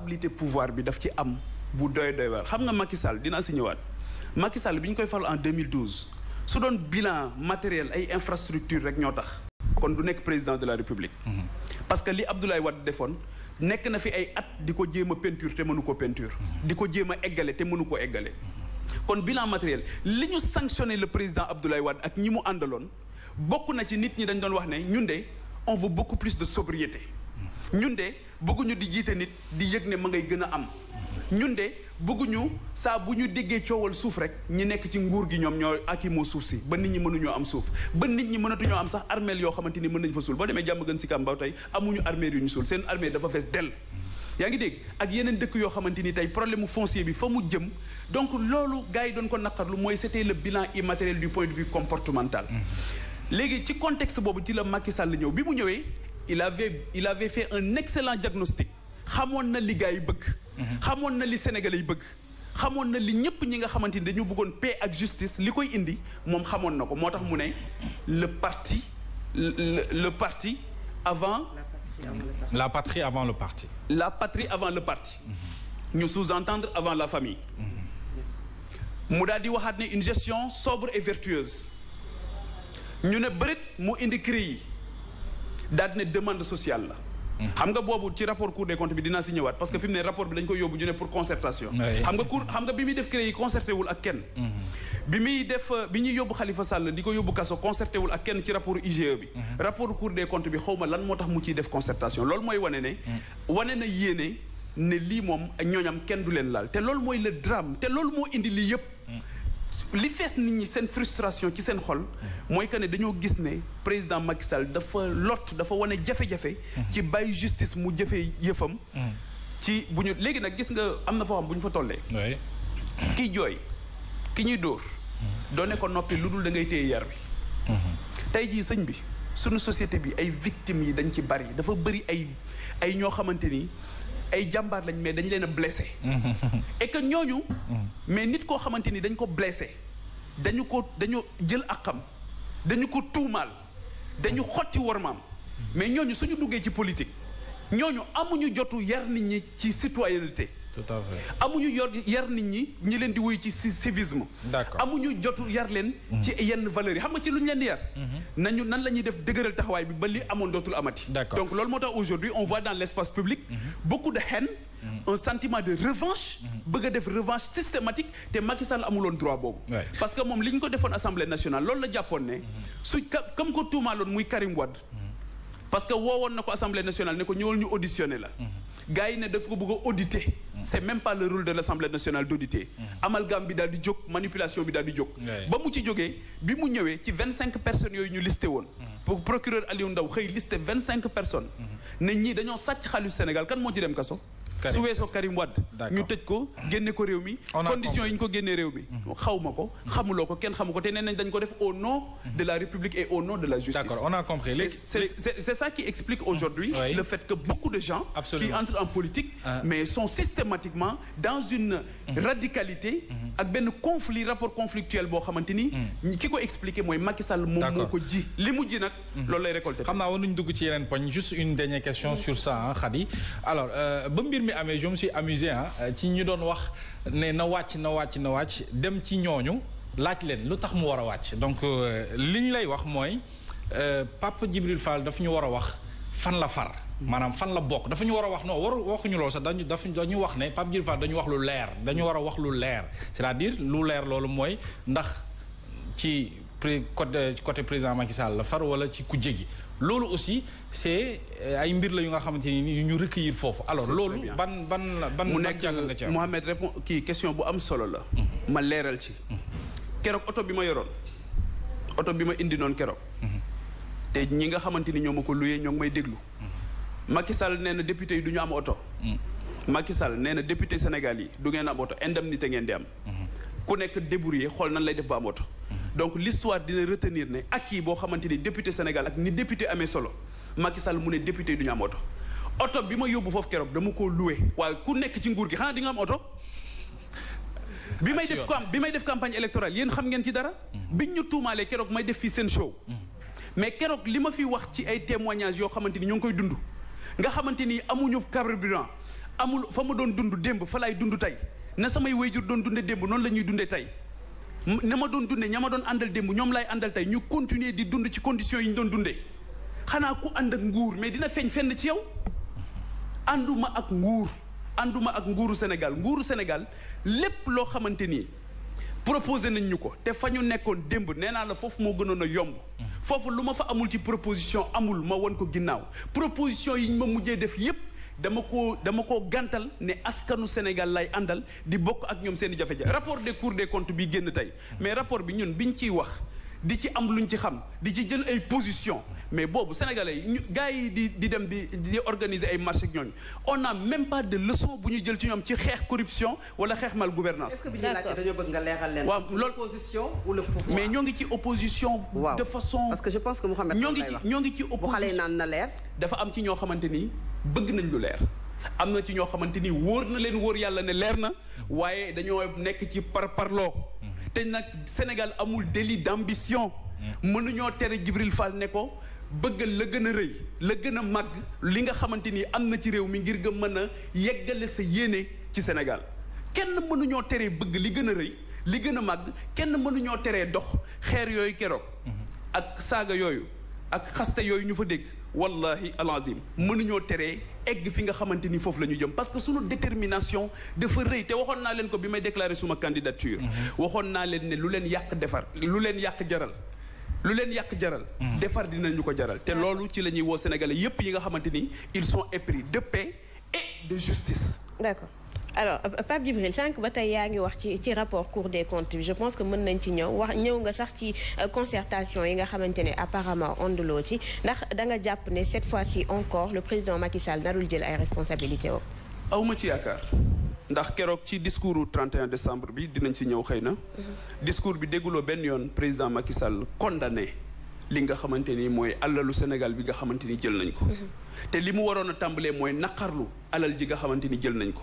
stabilité pouvoir bi daf ci am bu doy doy waar xam nga Macky Sall dina si ñëwaat Macky bi ñu koy fal en 2012 su doon bilan matériel ay infrastructure rek ñoo tax kon du nekk président de la République mhm. parce que li Abdoulaye Wade defoon nekk na fi ay at di ko jéem a peinture te mënu ko peinture mhm. di ko jéem a eggale te mënu ko eggale kon bilan matériel li ñu sanctionné le président Abdoulaye Wade ak ñi mu àndaloon bokk na ci nit ñi dañ doon wax ne ñun de on veut beaucoup de sobriété mhm. ñun de bëgguñu di jiite nit di yëg ne ma ngay gën a am ñun de bëgguñu saa bu ñu déggee coowal suuf rek ñi nekk ci nguur gi ñoom ñoo ak i moo suuf si ba nit ñi mënuñoo am suuf ba nit ñi mënatuñoo am sax armeel yoo xamante ni mën nañ fa suul boo demee jàmm gën si kàmbaaw tey amuñu armeel yu ñu suul seen armeel dafa fees dell yaa ngi dégg ak yeneen dëkk yoo xamante ni tey problème mu foncier bi fa mu jëm donc loolu gaa yi doon ko lu mooy c'était le bilan immatériel du point de vue comportemental mmh. ci contexte boobu ci la Macky Sall ñëw bi mu ñëwee il avait il avait fait un excellent diagnostic xamoon na li gars yi bëgg. Mhm. xamoon na li Sénégalais yi bëgg. xamoon na li ñëpp ñi nga xamante ni dañu bëggoon paix ak justice li koy indi moom xamoon na ko moo tax mu ne le parti le parti avant. la patrie avant le parti. la patrie avant le parti. Mhm. ñu sous-entendre avant la famille. Mhm. mu daal di waxaat ne une gestion sobre et vertueuse. ñu ne bërit mu indi cri daal ne demande sociale la. Hmm. xam nga boobu ci rapport cour des comptes bi dinaa si ñëwaat parce que fi mu ne rapport bi dañ ko yóbbu ñu ne pour concertation. xam nga cour xam nga bi muy def CREI concerté wul ak kenn. Hmm. bi muy def bi ñuy yóbbu xalifa sàll di ko yóbbu kaso concerté wul ak kenn ci rapport IGE bi. Hmm. rapport cour des comptes bi xaw ma lan moo tax mu ciy def concertation lool mooy wane ne. wane na yéene ne lii moom ñooñam kenn du leen laal te loolu mooy le drame te loolu moo indi lii yëpp. li fees nit ñi seen frustration ci seen xol mooy que ne dañoo gis ne président Macky Sall dafa lot dafa wane jafe-jafe ci bàyyi justice mu jëfee yëfam ci bu ñu léegi nag gis nga am na foo xam bu ñu fa tollee kii jooy ki ñuy dóor doone ko noppi lu dul da ngay téye yar bi tey jii sëñ bi suñu société bi ay victimes yi dañ ci bari dafa bëri ay ay ñoo xamante ni ay jàmbaar lañ mais dañ leen a blessé. et que ñooñu. Mm. mais nit koo xamante ni dañ ko blessé dañu ko dañu jël akam dañu ko tuumaal dañu xotti wormaam mais ñooñu suñu duggee ci politique. ñooñu amuñu jotu yar nit ñi ci citoyenneté tout à fait amuñu yor yar nit ñi ñi leen di wuy ci civisme d'accord amuñu jotu yar leen mm-hmm. ci yenn valeurs yi xam ci lu ñu leen di yar mm-hmm. nañu nan la ñuy def dëgëral taxawaay bi ba li amoon dootul amati donc loolu moo tax aujourd'hui on voit dans l'espace public mm-hmm. beaucoup de haine un sentiment de revanche bëgg a def revanche systématique te Macky amuloon droit boobu parce que moom li ñu ko defoon assemblée nationale loolu la jàppoon ne su comme ko muy Karim parce que woowoon na ko assemblée nationale ne ko ñëwal ñu auditionné la. Mhm. gars yi ne daf ko bëgg a auditer. Mhm. c' est même pas le rôle de l' nationale d' auditer. Mhm. bi daal di jóg manipulation bi daal di jóg. ba mu ci jógee bi mu ñëwee ci vingt cinq personnes yooyu ñu listé woon. pour procureur Aliou Ndao xëy listé vingt cinq personnes. ne ñii dañoo sàcc xaalis Sénégal kan moo ci dem kaso. su weesoo Karim Wade ñu tëj ko génne ko réew mi condition yi ñu ko génnee réew mi xaw ma ko xamuloo kenn xamu ko te nee dañ ko def au nom de la République et au nom de la justice d'accord on a compris c'est ça qui explique aujourd'hui le fait que beaucoup de gens qui entrent en politique ah. mais sont systématiquement dans une mm-hmm. radicalité mm-hmm. ak benn rapport conflictuel boo xamante mm. ki ko expliqué mooy Macky moom moo ko ji li mu ji nag mm-hmm. loolu lay récolté amee je me suis amusé ah ci ñu doon wax ne na wàcc na wàcc na wàcc dem ci ñooñu laaj leen lu tax mu war a wàcc donc euh, li ñu lay wax mooy euh, Papa Djibril Fall dafa ñu war a wax fan la far. maanaam fan la bokk dafa ñu war a wax non waru waxuñu loolu sax dañu dafa dañu wax ne Pape Djibril Fall dañu wax lu leer dañu war a wax lu leer c'est-à-dire lu leer loolu mooy ndax ci. côté côté président Macky Sall la far wala ci kujje gi loolu aussi c'est euh, ay mbir la yu nga xamante ni yu ñu recueillir foofu alors loolu ban ban ban mu nekk jàngal nga ci Mohamed répond kii question bu am solo la mm-hmm. ma leeral ci mm-hmm. keroog oto bi ma yoroon oto bi ma indi noonu keroog mm-hmm. te ñi nga xamante ni ñoo ma ko luyee ñoo ngi may déglu Macky Sall nee na député yi du ñu am oto Macky Sall nee na député Sénégal yi du ngeen am oto indemnité ngeen di am ku nekk débrouillé xool nan lay def ba am donc l'histoire dina retenir ne ak yi boo xamante ni député Sénégal ak ni député amee solo Macky Sall mu ne député du ñu am oto oto bi ma yóbbu foofu keroog dama ko loué waaye ku nekk ci nguur gi xanaa di nga am oto bi may def bi may def campagne électorale yéen xam ngeen ci dara mhm. biñ ñu tuumaalee keroog may def fii seen show mhm. mais keroog li ma fi wax ci ay témoignages yoo xamante ni ñoo ngi koy dund nga xamante ni amuñu carburant amul fa ma doon dund démb fa laay dund tey na samay wayjur doon dunde démb noonu la ñuy dundee tey ne ma doon dundee ña ma doon àndal démb ñoom lay àndal tey ñu continuer di dund ci conditions yi ñu doon dundee xanaa ku ànd ak nguur mais dina feeñ fenn ci yow ànduma ak nguur ànduma ak nguuru Sénégal nguuru Sénégal lépp loo xamante ni proposé nañ ñu ko te fa ñu nekkoon démb nee naa la foofu moo gënoon a yomb mm-hmm. foofu lu ma fa amul ci proposition amul ma won ko ginnaaw proposition yi ñu ma mujjee def yépp dama koo dama koo gantal ne askanu Sénégal lay àndal di bokk ak ñoom seeni i jafe-jafe rapport de cours des comptes bi génn tey mais rapport bi ñun bi ñu ciy wax di ci am luñ ci xam di ci jël ay position mais boobu sénégalais yi ñu gars yi di di dem di di ay marché ak ñooñu on n'a même pas de leçon bu ñu jël ci ñoom ci xeex corruption wala xeex mal gouvernance est-ce que bi ñu laajte dañoo bëgg nga leeral leen. waaw loolu opposition ou le pouvoir. mais ñoo ngi ci opposition. de façon parce que je pense ñoo ngi ci ñoo ngi ci opposition bu xale naan na leer. dafa am ci ñoo xamante ni. bëgg nañ lu leer am na ci ñoo xamante ni wóor na leen wóor yàlla ne leer na waaye dañoo nekk ci par parloo te nag Sénégal amul délit d'ambition mënuñoo tere Jibril Fall ne ko bëggal la gën a rëy la gën a màgg li nga xamante ni am na ci réew mi ngir nga mën a yeggale sa yéene ci Sénégal kenn mënuñoo teree bëgg li gën a rëy li gën a màgg kenn mënuñoo teree dox xeer yooyu keroog mhm. ak saaga yooyu ak xaste yooyu ñu fa dégg wallahi alazim mënuñoo teree egg fi nga xamante ni foofu la ñu jëm parce que sunu détermination dafa rëy te waxoon naa leen ko bi may déclarer suma candidature mhm. waxoon naa leen ne lu leen yàq defar lu leen yàq jaral lu leen yàq jaral mhm. defar dinañu ko jaral te loolu ci la ñuy woo sénégalais yépp yi nga xamante ni ils sont épris de paix et de justice d'accord alors euh, Pape Djibril sànq ba tey yaa ngi wax ci ci rapport Cour des comptes bi je pense que mën nañ ci ñëw wax ñëw nga sax ci euh, concertation yi nga xamante ne apparemment onduloo ci ndax da nga jàpp ne cette fois-ci encore le président Macky Sall narul jël ay responsabilité o awma ci yaakaar ndax keroog ci discours u 31 décembre bi dinañ si ñëw xëy na mhm. discours bi dégguloo benn yoon président Macky Sall condamné li nga xamante ni mooy alalu Sénégal bi nga xamante ni jël nañ ko mhm. te li mu waroon tàmbalee mooy naqarlu alal ji nga xamante ni jël nañ ko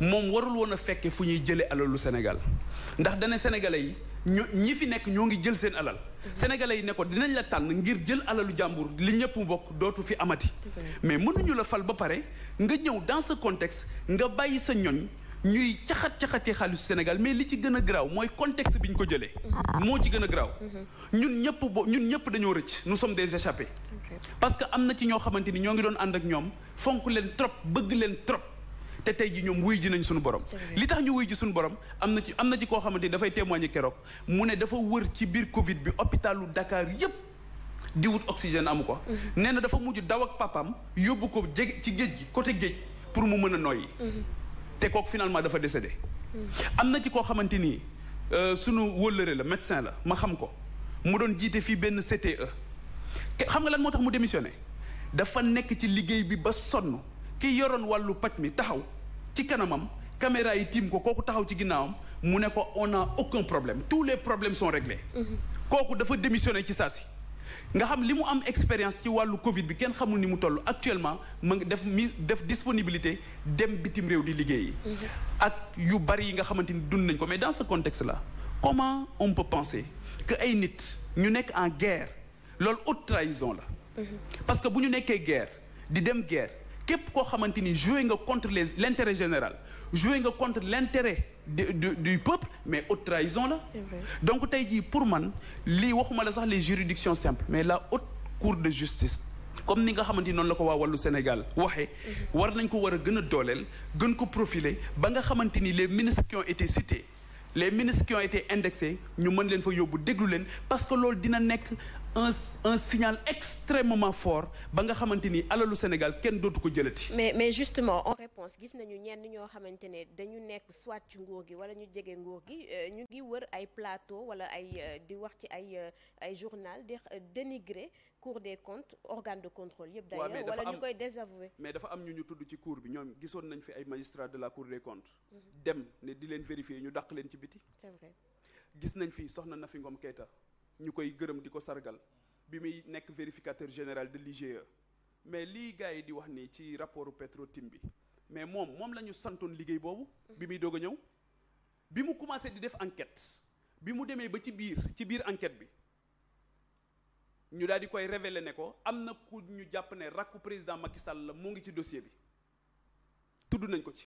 moom warul woon a fekkee fu ñuy jëlee alalu Sénégal ndax dane sénégalais yi ñu ñi fi nekk ñoo ngi jël seen alal sénégalais yi ne ko dinañ la tànn ngir jël alalu jàmbur li ñëpp bokk dootu fi amati mais mënuñu la fal ba pare nga ñëw dans ce contexte nga bàyyi sa ñoñ ñuy caxat-caxatee xaalisu Sénégal mais li ci gën a graaw mooy contexte bi ñu ko jëlee moo ci gën a garaaw ñun ñëpp bo ñun ñëpp dañoo rëcc nous sommes des échappés parce que am na ci ñoo xamante ni ñoo ngi doon ànd ak ñoom fonk leen trop bëgg leen trop te tey ji ñoom wuy ji nañ suñu borom li tax ñu wuy ji suñu borom am na ci am na ci koo xamante ni dafay témoigner keroog mu ne dafa wër ci biir covid bi hôpitalu dakaar yépp di wut oxygène amu ko mhm. nee na dafa mujj daw ak papam yóbbu ko jege ci géej gi côté géej pour mu mën a noyyi mhm. te kooku finalement dafa décédé mhm. am na ci koo xamante nii euh, sunu wóllëre la médecin la ma xam ko mu doon jiite fii benn CTE xam nga lan moo tax mu démissionné dafa nekk ci liggéey bi ba sonn ki yoroon wàllu paj mi taxaw ci kanamam caméra yi tiim ko kooku taxaw ci ginnaawam mu ne ko on a aucun problème tous les problèmes sont réglés mhm. kooku dafa démissionné ci saa si nga xam li mu am expérience ci wàllu covid bi kenn xamul ni mu tollu actuellement mu ngi def mi def disponibilité dem bitim réew di liggéey mhm. ak yu bari yi nga xamante ni dund nañ ko mais dans ce contexte la comment on peut penser que ay nit ñu nekk en guerre loolu haute trahison la mhm. parce que bu ñu nekkee guerre di dem guerre képp koo xamante ni joué nga contre les l' intérêt général joué nga contre l' intérêt du du du peuple mais haute trahison la. donc tey jii pour man lii waxuma la sax les juridictions simples mais la haute cour de justice. comme ni nga xamante ni noonu la ko waa wàllu Sénégal waxee war nañ ko war a gën a dooleel gën ko profiler ba nga xamante ni les ministres qui ont été cités les ministres qui ont été indexés ñu mën leen fa yóbbu déglu leen parce que loolu dina nekk un un signal extrêmement fort ba nga xamante ni alalu Sénégal kenn dootu ko jëlati. mais mais justement en réponse gis nañu ñenn ñoo xamante ne dañu nekk soit ci nguur gi wala ñu jege nguur gi euh, ñu ngi wër ay plateau wala ay euh, di wax ci ay euh, ay journal di dénigrer cour des comptes organe de contrôle yëpp. d'ailleurs wala ñu koy désavouer. mais dafa am ñu ñu tudd ci cour bi ñoom gisoon nañ fi ay magistrats de la cour des comptes. Mhm. dem ne di leen vérifier ñu dàq leen ci biti. c'est gis nañ fi soxna Nafi Ngom Keita. ñu koy gërëm di ko sargal bi muy nekk vérificateur général de l'IGE mais lii gars yi di wax nii ci rapport Petrotim bi mais moom moom la ñu santoon liggéey boobu bi muy doog a ñëw bi mu commencé di def enquête bi mu demee ba ci biir ci biir enquête bi ñu daal di koy révéler ne ko am na ku ñu jàpp ne rakku président Macky Sall la mu ngi ci dossier bi tudd nañ ko ci